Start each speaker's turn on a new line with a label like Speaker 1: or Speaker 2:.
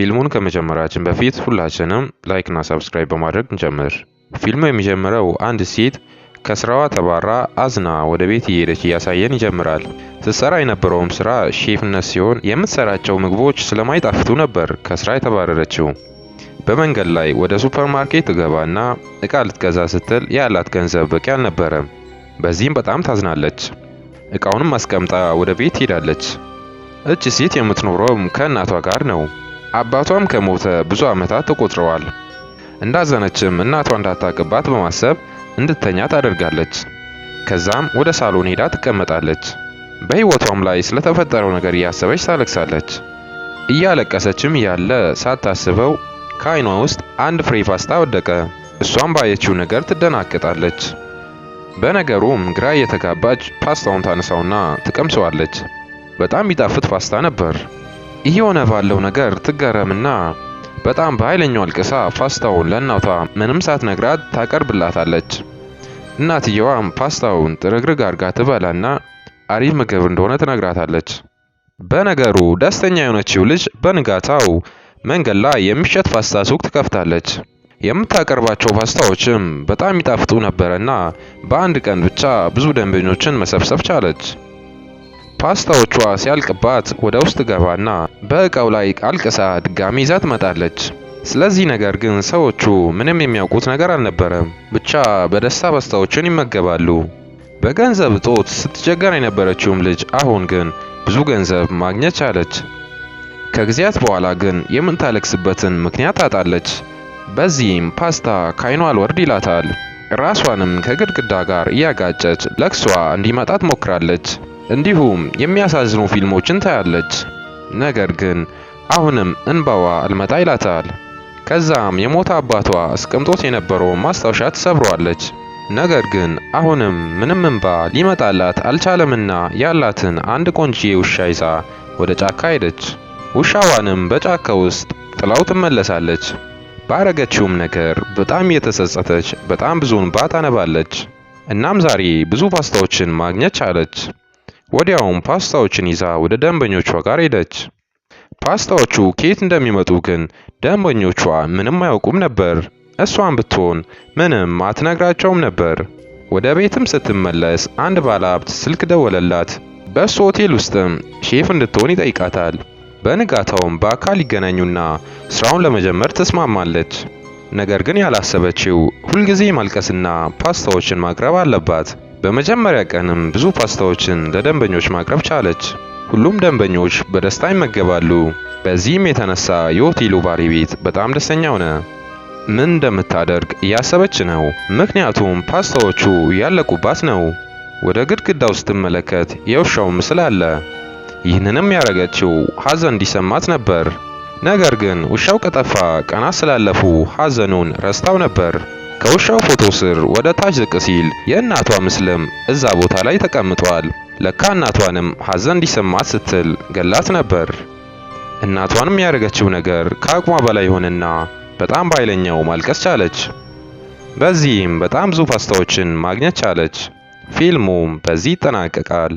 Speaker 1: ፊልሙን ከመጀመራችን በፊት ሁላችንም ላይክና ሰብስክራይብ በማድረግ እንጀምር። ፊልሙ የሚጀምረው አንድ ሴት ከስራዋ ተባራ አዝና ወደ ቤት እየሄደች እያሳየን ይጀምራል። ስትሰራ የነበረውም ስራ ሼፍነት ሲሆን የምትሰራቸው ምግቦች ስለማይጣፍቱ ነበር ከስራ የተባረረችው። በመንገድ ላይ ወደ ሱፐርማርኬት ትገባና እቃ ልትገዛ ስትል ያላት ገንዘብ በቂ አልነበረም። በዚህም በጣም ታዝናለች። እቃውንም አስቀምጣ ወደ ቤት ትሄዳለች። እች ሴት የምትኖረውም ከእናቷ ጋር ነው። አባቷም ከሞተ ብዙ ዓመታት ተቆጥረዋል። እንዳዘነችም እናቷ እንዳታቅባት በማሰብ እንድተኛ ታደርጋለች። ከዛም ወደ ሳሎን ሄዳ ትቀመጣለች። በሕይወቷም ላይ ስለተፈጠረው ነገር እያሰበች ታለቅሳለች። እያለቀሰችም ያለ ሳታስበው ከዓይኗ ውስጥ አንድ ፍሬ ፓስታ ወደቀ። እሷም ባየችው ነገር ትደናገጣለች። በነገሩም ግራ እየተጋባች ፓስታውን ታነሳውና ትቀምሰዋለች። በጣም የሚጣፍጥ ፓስታ ነበር። እየሆነ ባለው ነገር ትገረምና በጣም በኃይለኛው አልቅሳ ፓስታውን ለእናቷ ምንም ሳትነግራት ታቀርብላታለች። እናትየዋም ፓስታውን ጥርግርግ አርጋ ትበላና አሪፍ ምግብ እንደሆነ ትነግራታለች። በነገሩ ደስተኛ የሆነችው ልጅ በንጋታው መንገድ ላይ የሚሸጥ ፓስታ ሱቅ ትከፍታለች። የምታቀርባቸው ፓስታዎችም በጣም ይጣፍጡ ነበረና በአንድ ቀን ብቻ ብዙ ደንበኞችን መሰብሰብ ቻለች። ፓስታዎቿ ሲያልቅባት ወደ ውስጥ ገባና በእቃው ላይ አልቅሳ ድጋሚ ይዛ ትመጣለች። ስለዚህ ነገር ግን ሰዎቹ ምንም የሚያውቁት ነገር አልነበረም። ብቻ በደስታ ፓስታዎችን ይመገባሉ። በገንዘብ እጦት ስትቸገር የነበረችውም ልጅ አሁን ግን ብዙ ገንዘብ ማግኘት ቻለች። ከጊዜያት በኋላ ግን የምታለቅስበትን ምክንያት ታጣለች። በዚህም ፓስታ ካይኗ አልወርድ ይላታል። ራሷንም ከግድግዳ ጋር እያጋጨች ለቅሷ እንዲመጣ ትሞክራለች። እንዲሁም የሚያሳዝኑ ፊልሞችን ታያለች። ነገር ግን አሁንም እንባዋ አልመጣ ይላታል። ከዛም የሞተ አባቷ አስቀምጦት የነበረውን ማስታወሻ ትሰብሯለች። ነገር ግን አሁንም ምንም እንባ ሊመጣላት አልቻለምና ያላትን አንድ ቆንጂዬ ውሻ ይዛ ወደ ጫካ ሄደች። ውሻዋንም በጫካ ውስጥ ጥላው ትመለሳለች። ባረገችውም ነገር በጣም እየተጸጸተች በጣም ብዙ እንባ ታነባለች። እናም ዛሬ ብዙ ፓስታዎችን ማግኘት ቻለች። ወዲያውም ፓስታዎችን ይዛ ወደ ደንበኞቿ ጋር ሄደች። ፓስታዎቹ ከየት እንደሚመጡ ግን ደንበኞቿ ምንም አያውቁም ነበር። እሷን ብትሆን ምንም አትነግራቸውም ነበር። ወደ ቤትም ስትመለስ አንድ ባለሀብት ስልክ ደወለላት። በእሱ ሆቴል ውስጥም ሼፍ እንድትሆን ይጠይቃታል። በንጋታውም በአካል ይገናኙና ስራውን ለመጀመር ትስማማለች። ነገር ግን ያላሰበችው ሁልጊዜ ማልቀስና ፓስታዎችን ማቅረብ አለባት። በመጀመሪያ ቀንም ብዙ ፓስታዎችን ለደንበኞች ማቅረብ ቻለች። ሁሉም ደንበኞች በደስታ ይመገባሉ። በዚህም የተነሳ የሆቴሉ ባሪ ቤት በጣም ደስተኛ ሆነ። ምን እንደምታደርግ እያሰበች ነው፣ ምክንያቱም ፓስታዎቹ ያለቁባት ነው። ወደ ግድግዳው ስትመለከት የውሻው ምስል አለ። ይህንንም ያደረገችው ሐዘን እንዲሰማት ነበር። ነገር ግን ውሻው ከጠፋ ቀናት ስላለፉ ሐዘኑን ረስታው ነበር። ከውሻው ፎቶ ስር ወደ ታች ዝቅ ሲል የእናቷ ምስልም እዛ ቦታ ላይ ተቀምጧል። ለካ እናቷንም ሐዘን እንዲሰማት ስትል ገላት ነበር። እናቷንም ያደረገችው ነገር ከአቅሟ በላይ ሆነና በጣም በኃይለኛው ማልቀስ ቻለች። በዚህም በጣም ብዙ ፓስታዎችን ማግኘት ቻለች። ፊልሙም በዚህ ይጠናቀቃል።